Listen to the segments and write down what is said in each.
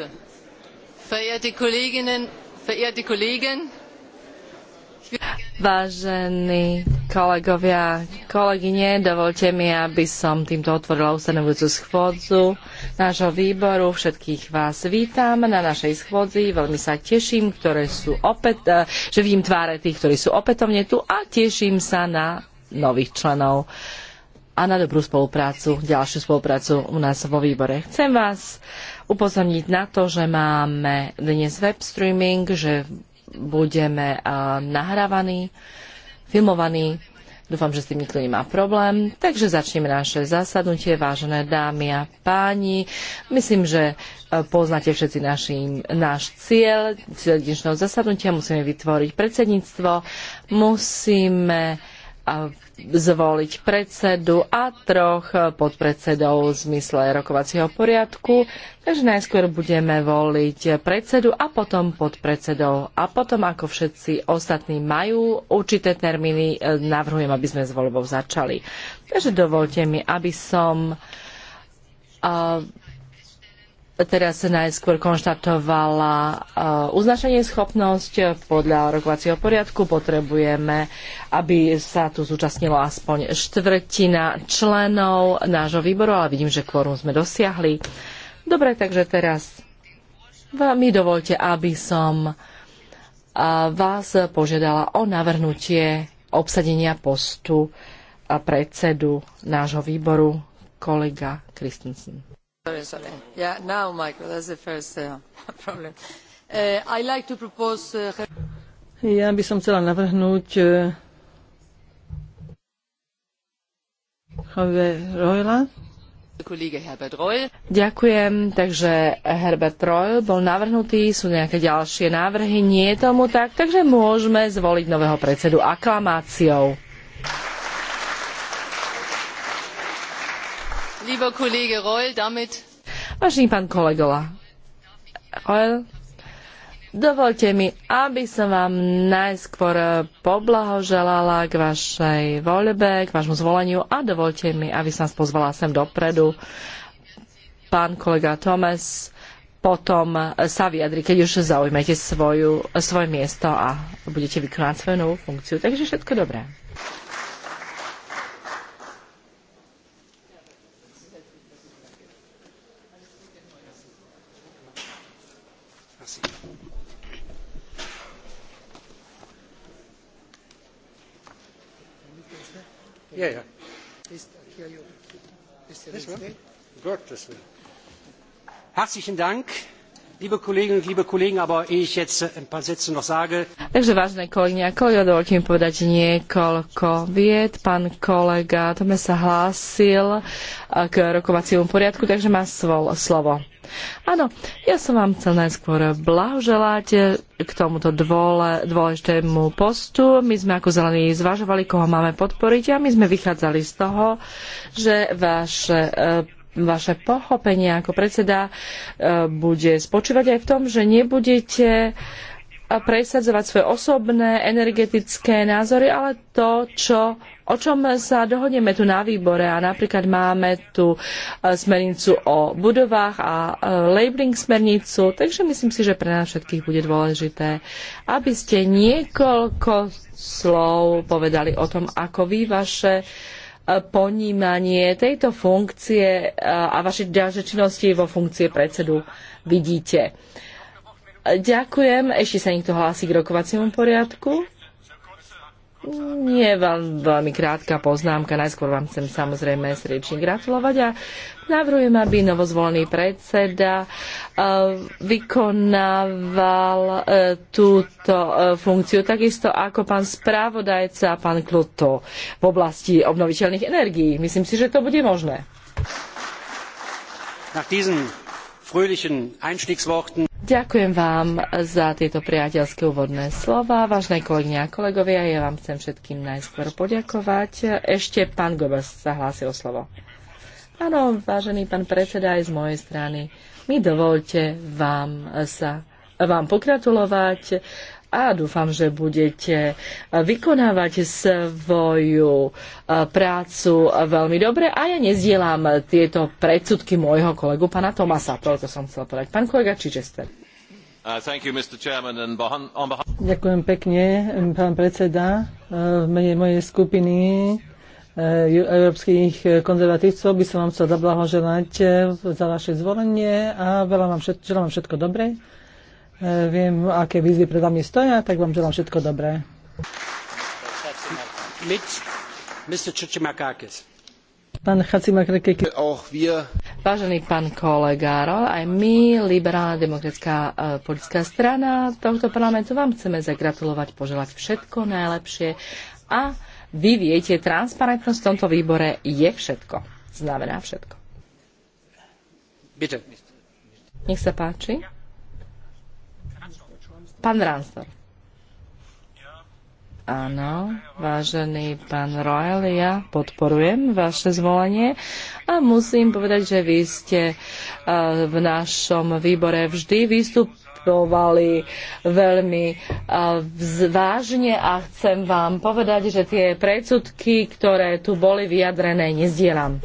Pause. Verehrte Kolleginnen, verehrte Kollegen, Vážení kolegovia, kolegyne, dovolte mi, aby som týmto otvorila ustanovujúcu schôdzu nášho výboru. Všetkých vás vítam na našej schôdzi. Veľmi sa teším, ktoré sú opäť, eh, že vidím tváre tých, ktorí sú opätovne tu a teším sa na nových členov uh, a na dobrú spoluprácu, ďalšiu spoluprácu u nás vo výbore. Chcem vás upozorniť na to, že máme dnes web streaming, že budeme eh, nahrávaní, filmovaní. Dúfam, že s tým nikto nemá problém. Takže začneme naše zasadnutie, vážené dámy a páni. Myslím, že eh, poznáte všetci naši, náš cieľ, cieľ dnešného zasadnutia. Musíme vytvoriť predsedníctvo, musíme zvoliť predsedu a troch podpredsedov v zmysle rokovacieho poriadku. Takže najskôr budeme voliť predsedu a potom podpredsedov. A potom, ako všetci ostatní majú určité termíny, e, navrhujem, aby sme s voľbou začali. Takže dovolte mi, aby som e, teraz najskôr konštatovala eh, uznašanie schopnosť podľa rokovacieho poriadku. Potrebujeme, aby sa tu zúčastnilo aspoň štvrtina členov nášho výboru, ale vidím, že kvorum sme dosiahli. Dobre, takže teraz mi dovolte, aby som eh, vás požiadala o navrhnutie obsadenia postu eh, predsedu nášho výboru kolega Christensen ja by som chcela navrhnúť uh, Ďakujem. Takže Herbert Reul bol navrhnutý, sú nejaké ďalšie návrhy, nie je tomu tak, takže môžeme zvoliť nového predsedu aklamáciou. lieber Kollege Reul, damit... Vážený pán kolega Reul, Dovolte mi, aby som vám najskôr poblahoželala k vašej voľbe, k vášmu zvoleniu a dovolte mi, aby som vás pozvala sem dopredu. Pán kolega Tomes potom sa vyjadri, keď už zaujmete svoju, svoje miesto a budete vykonať svoju novú funkciu. Takže všetko dobré. herzlichen dank liebe kolleginnen und liebe kollegen aber ehe ich jetzt ein paar sätze noch sage Takže vážne kolegyne a kolegovia, dovolte mi povedať niekoľko vied. Pán kolega Tome sa hlásil eh, k rokovaciemu poriadku, takže má svol, slovo. Áno, ja som vám chcel najskôr blahoželať eh, k tomuto dôle, dôležitému postu. My sme ako zelení zvažovali, koho máme podporiť a my sme vychádzali z toho, že vaše eh, vaše pochopenie ako predseda e, bude spočívať aj v tom, že nebudete e, presadzovať svoje osobné energetické názory, ale to, čo, o čom sa dohodneme tu na výbore. A napríklad máme tu e, smernicu o budovách a labeling smernicu, takže myslím si, že pre nás všetkých bude dôležité, aby ste niekoľko slov povedali o tom, ako vy vaše uh, ponímanie tejto funkcie a vašej ďalšej činnosti vo funkcie predsedu vidíte. Ďakujem. Ešte sa niekto hlási k rokovaciemu poriadku? Nie veľmi, veľmi krátka poznámka. Najskôr vám chcem samozrejme srdečne gratulovať a navrhujem, aby novozvolený predseda eh, vykonával eh, túto eh, funkciu takisto ako pán správodajca, pán Kluto v oblasti obnoviteľných energií. Myslím si, že to bude možné. Ďakujem vám za tieto priateľské úvodné slova. Vážne kolegyne a kolegovia, ja vám chcem všetkým najskôr poďakovať. Ešte pán Gobes sa hlási o slovo. Áno, vážený pán predseda, aj z mojej strany mi dovolte vám sa vám pogratulovať a dúfam, že budete e, vykonávať svoju e, prácu veľmi dobre a ja nezdielam tieto predsudky môjho kolegu pana Tomasa. Toto som chcel povedať. Pán kolega Čičester. Uh, Ďakujem pekne, pán predseda. E, v mene mojej skupiny európskych konzervatívcov by som vám chcel zablahoželať za vaše zvolenie a veľa vám všetko, želám vám všetko dobré Eh, viem, aké výzvy pred vami stoja, tak vám želám všetko dobré. Pán Vážený pán kolega, aj my, liberálna demokratická eh, politická strana tohto parlamentu, vám chceme zagratulovať, poželať všetko najlepšie a vy viete, transparentnosť v tomto výbore je všetko. Znamená všetko. Nech sa páči. Pán Ransdor. Áno, vážený pán Royal, ja podporujem vaše zvolenie a musím povedať, že vy ste e, v našom výbore vždy vystupovali veľmi e, vážne a chcem vám povedať, že tie predsudky, ktoré tu boli vyjadrené, nezdielam.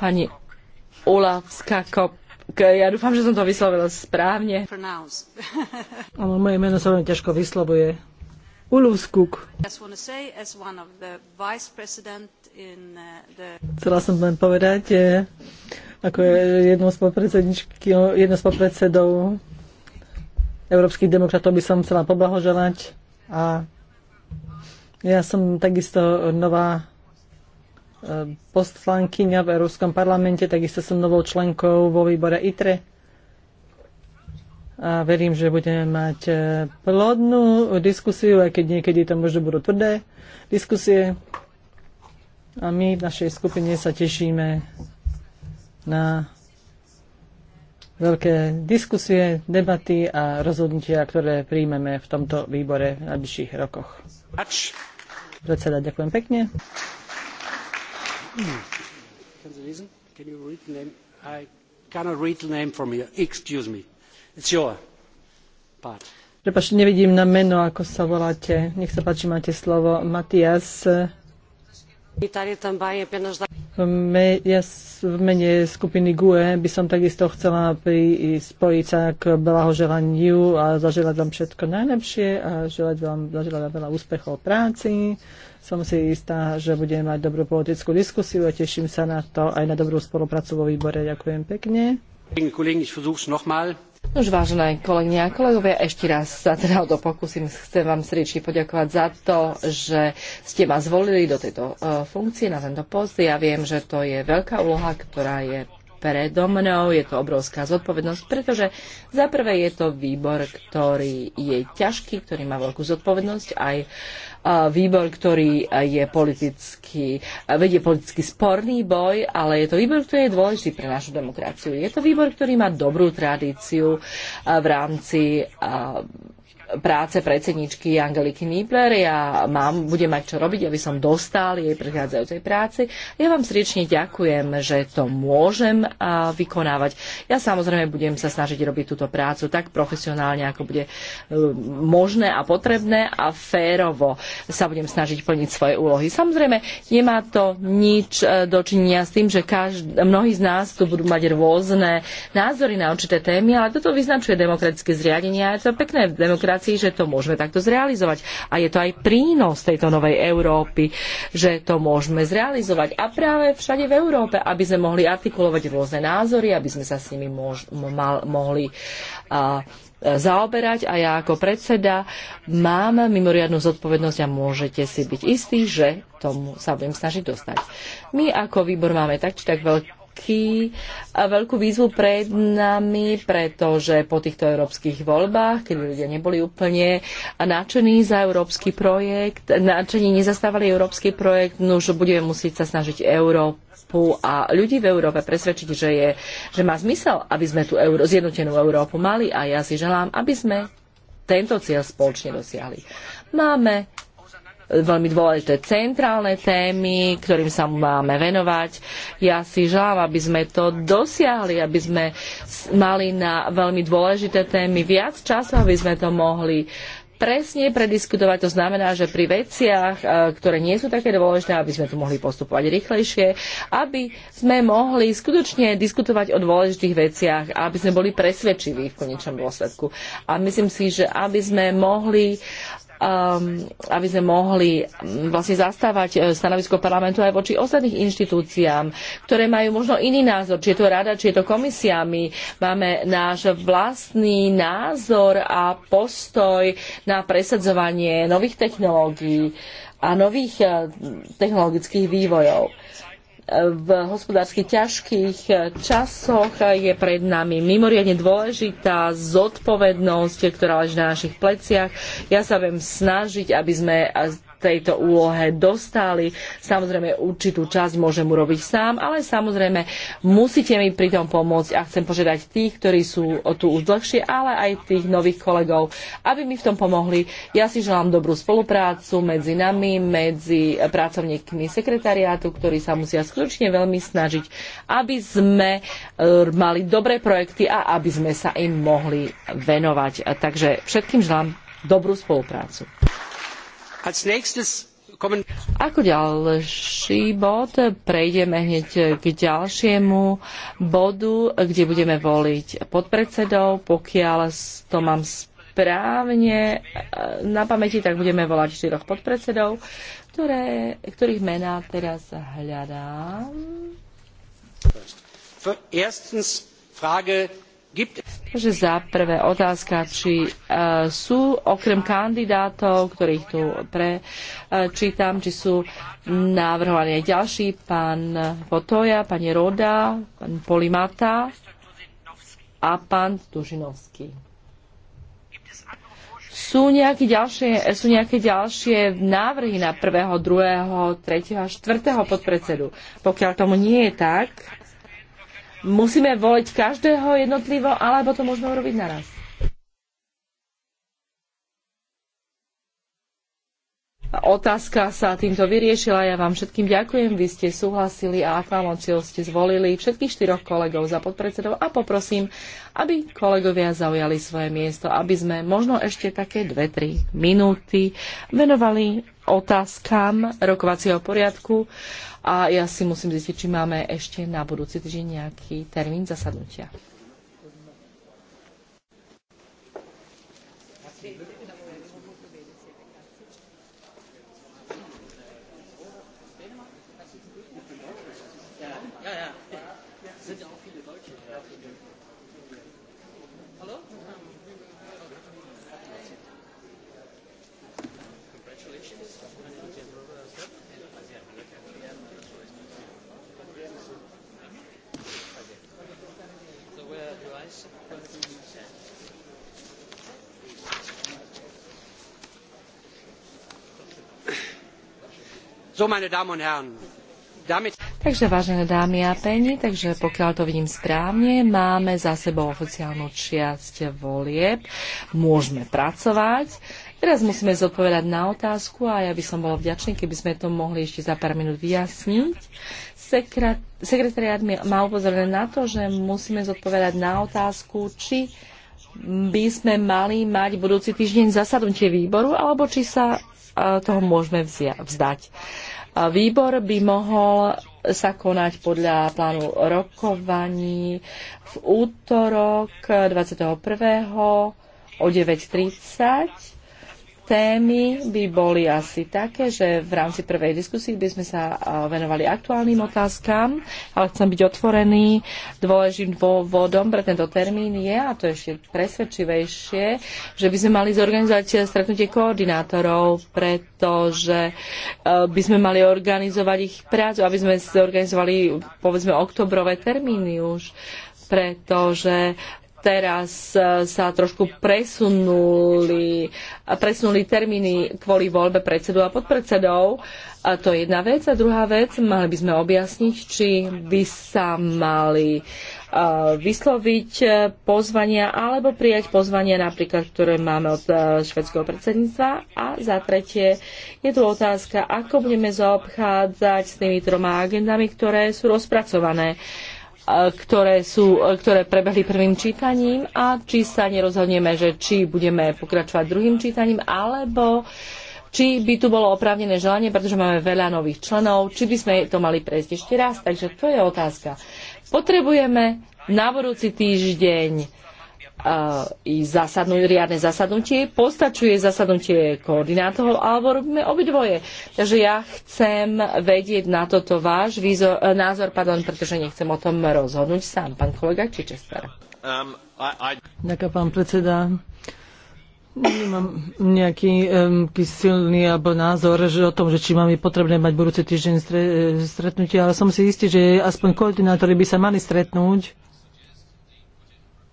Pani Ulavská kop ja dúfam, že som to vyslovila správne. Áno, moje meno sa veľmi ťažko vyslovuje. Ulovskuk. Uh, chcela som len povedať, eh, ako je jednou z, jednou z podpredsedov európskych demokratov by som chcela poblahoželať a ja som takisto nová poslankyňa v Európskom parlamente, takisto som novou členkou vo výbore ITRE. A verím, že budeme mať e, plodnú diskusiu, aj keď niekedy to možno budú tvrdé diskusie. A my v našej skupine sa tešíme na veľké diskusie, debaty a rozhodnutia, ktoré príjmeme v tomto výbore v najbližších rokoch. Predseda, ďakujem pekne. Can you listen? Can you read the name? I cannot read the name from here. Excuse me. It's your part. Prepač, nevidím na meno, ako sa voláte. Nech sa páči, máte slovo. Matias. Me, ja v mene skupiny GUE by som takisto chcela pri spojiť sa k blahoželaniu a zaželať vám všetko najlepšie a želať vám, zaželať vám veľa úspechov v práci. Som si istá, že budeme mať dobrú politickú diskusiu a teším sa na to aj na dobrú spoluprácu vo výbore. Ďakujem pekne. ich versuch's nochmal. Už vážené kolegyne a kolegovia, ešte raz sa teda o to pokúsim. Chcem vám srdečne poďakovať za to, že ste ma zvolili do tejto uh, funkcie, na tento post. Ja viem, že to je veľká úloha, ktorá je predo mnou, je to obrovská zodpovednosť, pretože za prvé je to výbor, ktorý je ťažký, ktorý má veľkú zodpovednosť aj uh, výbor, ktorý je politicky, vedie politicky sporný boj, ale je to výbor, ktorý je dôležitý pre našu demokraciu. Je to výbor, ktorý má dobrú tradíciu v rámci práce predsedničky Angeliky Nibler. Ja mám, budem mať čo robiť, aby som dostal jej prechádzajúcej práci. Ja vám srdečne ďakujem, že to môžem vykonávať. Ja samozrejme budem sa snažiť robiť túto prácu tak profesionálne, ako bude e, možné a potrebné a férovo sa budem snažiť plniť svoje úlohy. Samozrejme, nemá to nič e, dočinenia s tým, že každ- mnohí z nás tu budú mať rôzne názory na určité témy, ale toto vyznačuje demokratické zriadenie a je to pekné v demokracii situácii, že to môžeme takto zrealizovať. A je to aj prínos tejto novej Európy, že to môžeme zrealizovať. A práve všade v Európe, aby sme mohli artikulovať rôzne názory, aby sme sa s nimi mal, mohli zaoberať a ja ako predseda mám mimoriadnú zodpovednosť a môžete si byť istí, že tomu sa budem snažiť dostať. My ako výbor máme tak či tak veľký veľký, veľkú výzvu pred nami, pretože po týchto európskych voľbách, keď ľudia neboli úplne nadšení za európsky projekt, nadšení nezastávali európsky projekt, no už budeme musieť sa snažiť Európu a ľudí v Európe presvedčiť, že, je, že má zmysel, aby sme tú Euró- zjednotenú Európu mali a ja si želám, aby sme tento cieľ spoločne dosiahli. Máme veľmi dôležité centrálne témy, ktorým sa máme venovať. Ja si želám, aby sme to dosiahli, aby sme mali na veľmi dôležité témy viac času, aby sme to mohli presne prediskutovať. To znamená, že pri veciach, e, ktoré nie sú také dôležité, aby sme tu mohli postupovať rýchlejšie, aby sme mohli skutočne diskutovať o dôležitých veciach, aby sme boli presvedčiví v konečnom dôsledku. A myslím si, že aby sme mohli Um, aby sme mohli mm, vlastne zastávať e, stanovisko parlamentu aj voči ostatných inštitúciám, ktoré majú možno iný názor, či je to rada, či je to komisia. My máme náš vlastný názor a postoj na presadzovanie nových technológií a nových e, technologických vývojov v hospodársky ťažkých eh, časoch je pred nami mimoriadne dôležitá zodpovednosť, ktorá leží na našich pleciach. Ja sa viem snažiť, aby sme eh, tejto úlohe dostali. Samozrejme, určitú časť môžem urobiť sám, ale samozrejme, musíte mi pri tom pomôcť a chcem požiadať tých, ktorí sú tu už dlhšie, ale aj tých nových kolegov, aby mi v tom pomohli. Ja si želám dobrú spoluprácu medzi nami, medzi pracovníkmi sekretariátu, ktorí sa musia skutočne veľmi snažiť, aby sme e, mali dobré projekty a aby sme sa im mohli venovať. Takže všetkým želám dobrú spoluprácu ako ďalší bod prejdeme hneď k ďalšiemu bodu, kde budeme voliť podpredsedov. Pokiaľ to mám správne eh, na pamäti, tak budeme volať štyroch podpredsedov, ktoré, ktorých mená teraz hľadám. Erstens, Frage Takže za prvé otázka, či uh, sú okrem kandidátov, ktorých tu prečítam, uh, či sú navrhovaní aj ďalší, pán Potoja, pani Roda, pán Polimata a pán Tužinovský. Sú nejaké, ďalšie, sú nejaké ďalšie návrhy na prvého, druhého, tretieho a štvrtého podpredsedu. Pokiaľ tomu nie je tak, musíme voliť každého jednotlivo, alebo to môžeme urobiť naraz. Otázka sa týmto vyriešila. Ja vám všetkým ďakujem. Vy ste súhlasili a aklamáciou ste zvolili všetkých štyroch kolegov za podpredsedov a poprosím, aby kolegovia zaujali svoje miesto, aby sme možno ešte také dve, tri minúty venovali otázkam rokovacieho poriadku a ja si musím zistiť, či máme ešte na budúci týždeň nejaký termín zasadnutia. So, meine Damen und Herren, damit... Takže vážené dámy a páni, takže pokiaľ to vidím správne, máme za sebou oficiálnu čiasť volieb, môžeme pracovať. Teraz musíme zodpovedať na otázku a ja by som bola vďačný, keby sme to mohli ešte za pár minút vyjasniť. Sekretariat mi ma upozornil na to, že musíme zodpovedať na otázku, či by sme mali mať budúci týždeň zasadnutie výboru, alebo či sa e, toho môžeme vzia, vzdať. E, výbor by mohol sa konať podľa plánu rokovaní v útorok 21. o 9.30 Témy by boli asi také, že v rámci prvej diskusie by sme sa venovali aktuálnym otázkam, ale chcem byť otvorený. Dôležitým dôvodom pre tento termín je, a to je ešte presvedčivejšie, že by sme mali zorganizovať stretnutie koordinátorov, pretože e, by sme mali organizovať ich prácu, aby sme zorganizovali povedzme oktobrové termíny už pretože teraz e, sa trošku presunuli, presunuli termíny kvôli voľbe predsedu a podpredsedov. A to je jedna vec. A druhá vec, mali by sme objasniť, či by sa mali e, vysloviť e, pozvania alebo prijať pozvania napríklad, ktoré máme od švedského predsedníctva. A za tretie je tu otázka, ako budeme zaobchádzať s tými troma agendami, ktoré sú rozpracované. Uh, E, ktoré, sú, e, ktoré prebehli prvým čítaním a či sa nerozhodneme, že či budeme pokračovať druhým čítaním, alebo či by tu bolo oprávnené želanie, pretože máme veľa nových členov, či by sme to mali prejsť ešte raz. Takže to je otázka. Potrebujeme na budúci týždeň i zasadnú, riadne zasadnutie, postačuje zasadnutie koordinátorov alebo robíme obidvoje. Takže ja chcem vedieť na toto váš výzor, e, názor, pardon, pretože nechcem o tom rozhodnúť sám, pán kolega Čičester. Um, I, I... Ďakujem, pán predseda. Nemám nejaký um, silný alebo názor že o tom, že či máme potrebné mať budúci týždeň stre, e, stretnutie, ale som si istý, že aspoň koordinátori by sa mali stretnúť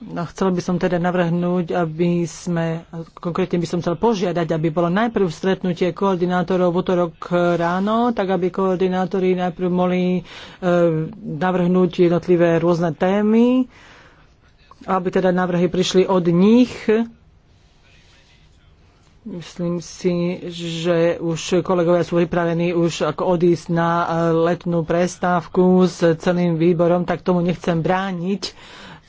No, chcel by som teda navrhnúť, aby sme, konkrétne by som chcel požiadať, aby bolo najprv stretnutie koordinátorov v útorok ráno, tak aby koordinátori najprv mohli e, navrhnúť jednotlivé rôzne témy, aby teda návrhy prišli od nich. Myslím si, že už kolegovia sú pripravení už ako odísť na eh, letnú prestávku s celým výborom, tak tomu nechcem brániť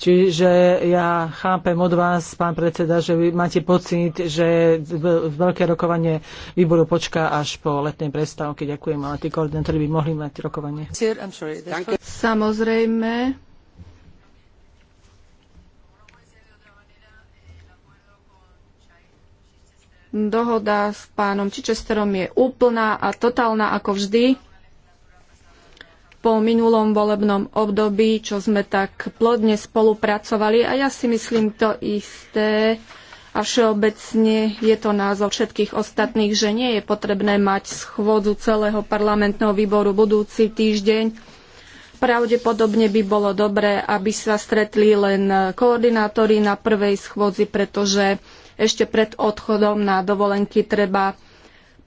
Čiže ja chápem od vás, pán predseda, že vy máte pocit, že veľké rokovanie výboru počká až po letnej prestávke. Ďakujem, ale tí koordinátori by mohli mať rokovanie. Samozrejme, dohoda s pánom Čičesterom je úplná a totálna ako vždy po minulom volebnom období, čo sme tak plodne spolupracovali a ja si myslím to isté a všeobecne je to názor všetkých ostatných, že nie je potrebné mať schôdzu celého parlamentného výboru budúci týždeň. Pravdepodobne by bolo dobré, aby sa stretli len koordinátori na prvej schôdzi, pretože ešte pred odchodom na dovolenky treba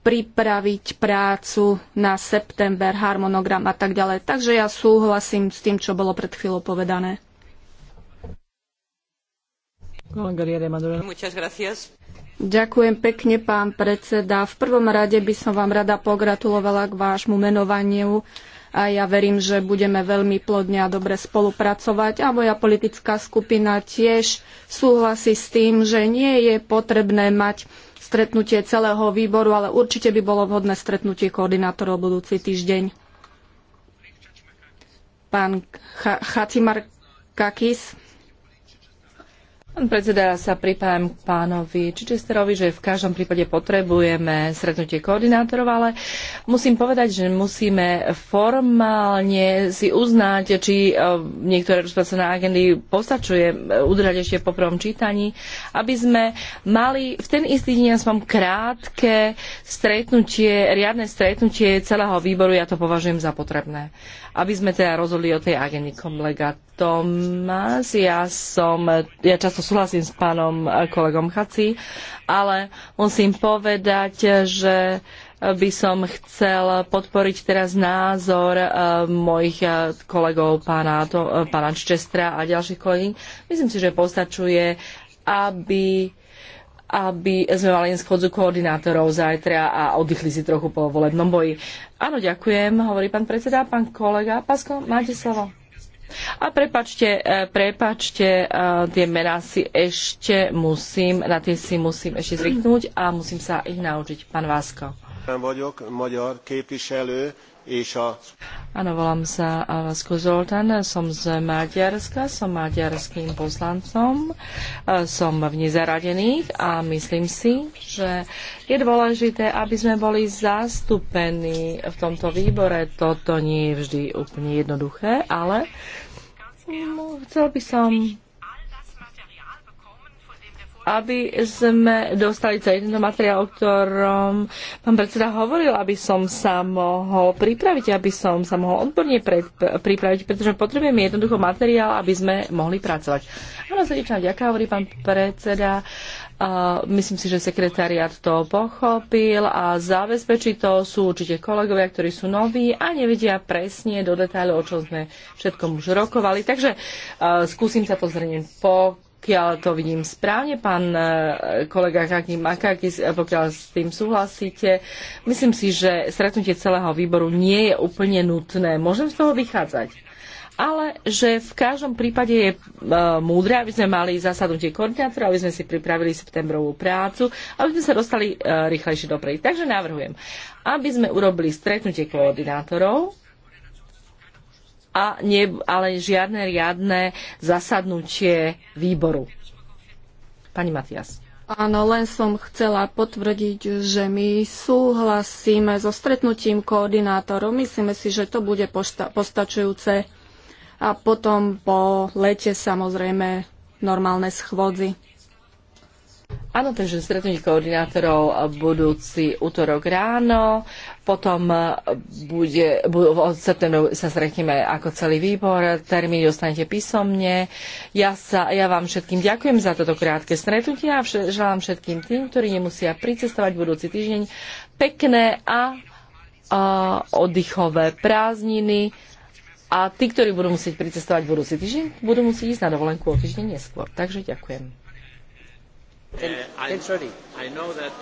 pripraviť prácu na september, harmonogram a tak ďalej. Takže ja súhlasím s tým, čo bolo pred chvíľou povedané. Ďakujem pekne, pán predseda. V prvom rade by som vám rada pogratulovala k vášmu menovaniu a ja verím, že budeme veľmi plodne a dobre spolupracovať a moja politická skupina tiež súhlasí s tým, že nie je potrebné mať stretnutie celého výboru, ale určite by bolo vhodné stretnutie koordinátorov budúci týždeň. Pán Ch Kakis. Pán predseda, ja sa pripájam k pánovi Čičesterovi, že v každom prípade potrebujeme stretnutie koordinátorov, ale musím povedať, že musíme formálne si uznať, či e, niektoré rozpracené agendy postačuje e, udržať ešte po prvom čítaní, aby sme mali v ten istý deň aspoň krátke stretnutie, riadne stretnutie celého výboru, ja to považujem za potrebné. Aby sme teda rozhodli o tej agendy kolega Tomás, ja som, ja často súhlasím s pánom e, kolegom Chaci, ale musím povedať, že by som chcel podporiť teraz názor e, mojich e, kolegov pána, to, pána Čestra a ďalších kolegy. Myslím si, že postačuje, aby aby sme mali len schodzu koordinátorov zajtra a oddychli si trochu po volebnom boji. Áno, ďakujem, hovorí pán predseda. Pán kolega Pasko, máte slovo. A prepačte, e, prepačte, e, tie mená si ešte musím, na tie si musím ešte zvyknúť a musím sa ich naučiť. Pán Vásko. Vagyok, magyar képviselő, és a... Áno, volám sa eh, Vasko Zoltán, som z Maďarska, som maďarským poslancom, eh, som v nezaradených a myslím si, že je dôležité, aby sme boli zastúpení v tomto výbore. Toto nie je vždy úplne jednoduché, ale mm, chcel by som aby sme dostali celý tento materiál, o ktorom pán predseda hovoril, aby som sa mohol pripraviť, aby som sa mohol odborne pred, pripraviť, pretože potrebujeme jednoducho materiál, aby sme mohli pracovať. Áno, srdečná ďaká, hovorí pán predseda. A myslím si, že sekretariat to pochopil a zabezpečí to. Sú určite kolegovia, ktorí sú noví a nevedia presne do detailov o čo sme všetkom už rokovali. Takže uh, skúsim sa to po pokiaľ to vidím správne, pán e, kolega Kaki Makakis, e, pokiaľ s tým súhlasíte, myslím si, že stretnutie celého výboru nie je úplne nutné. Môžem z toho vychádzať. Ale že v každom prípade je e, múdre, aby sme mali zasadnutie koordinátora, aby sme si pripravili septembrovú prácu, aby sme sa dostali e, rýchlejšie do Takže navrhujem, aby sme urobili stretnutie koordinátorov a nie, ale žiadne riadne zasadnutie výboru. Pani Matias. Áno, len som chcela potvrdiť, že my súhlasíme so stretnutím koordinátorov. Myslíme si, že to bude postačujúce a potom po lete samozrejme normálne schôdzi. Áno, takže stretnutie koordinátorov budúci útorok ráno, potom bude, od septembru sa stretneme ako celý výbor, termín dostanete písomne. Ja, sa, ja vám všetkým ďakujem za toto krátke stretnutie a vš- želám všetkým tým, ktorí nemusia pricestovať budúci týždeň, pekné a, a oddychové prázdniny. A tí, ktorí budú musieť pricestovať budúci týždeň, budú musieť ísť na dovolenku o týždeň neskôr. Takže ďakujem. Ten, eh, ten, eh, eh, sorry. I know that